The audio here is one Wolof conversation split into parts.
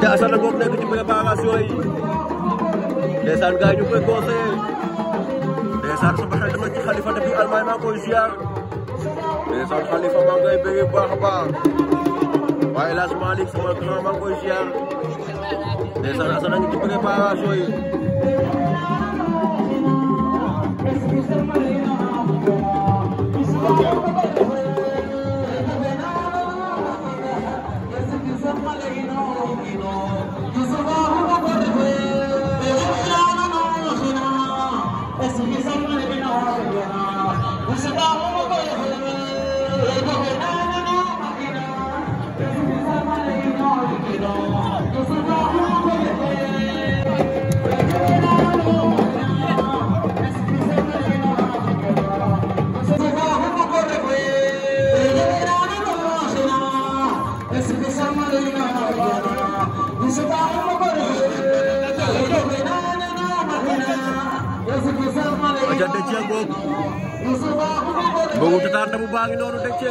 desa Assane ngoog nekk ci préparation yi ndeysaan gars yi ñu koy conseillé ndeysaan sama xel dama ci Khalifa depuis Allemagne maa koy ziar ndeysaan Khalifa maa ngay bëggee baax baax waaye sama grand koy ziar ngi ci What's the diggante Thié ngoog Mbogu Tata Ndamu baa ngi noonu de Thié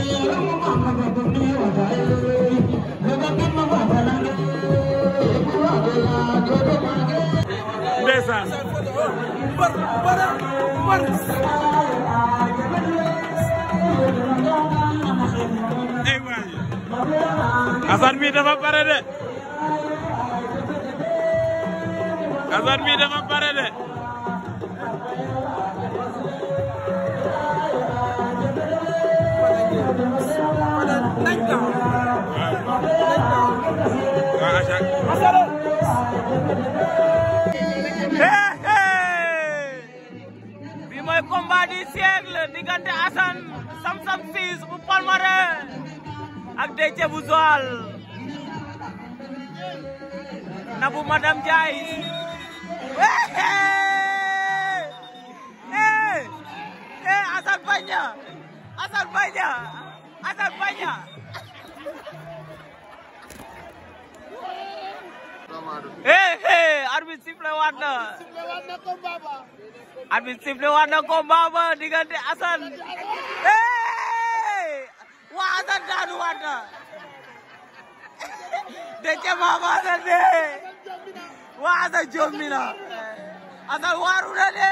ndeysaan mbar mbar mbar Assane mi dafa pare de Assane mi dafa pare de Thank God. Thank God. Hey, hey. Bi mooy combat du siècle diggante Sam Sam Ciss bu Palmarin ak Déthié bu Joal Nabou Madame Ndiaye hey hey Assane bañ na Assane bañ waat na arbitre sifflé waat na combat ba diggante Assane eh waa Assane daanu waat na Déthié Baba Assane de waa Assane jommi na Assane waaru na de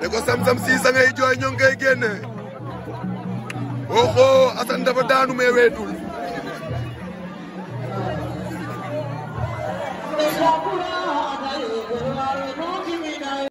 de ko sam-sam si sa ngay jooy ñoo ngi koy génne oxo Assane dafa daanu mais weetul అప్పుడా అదే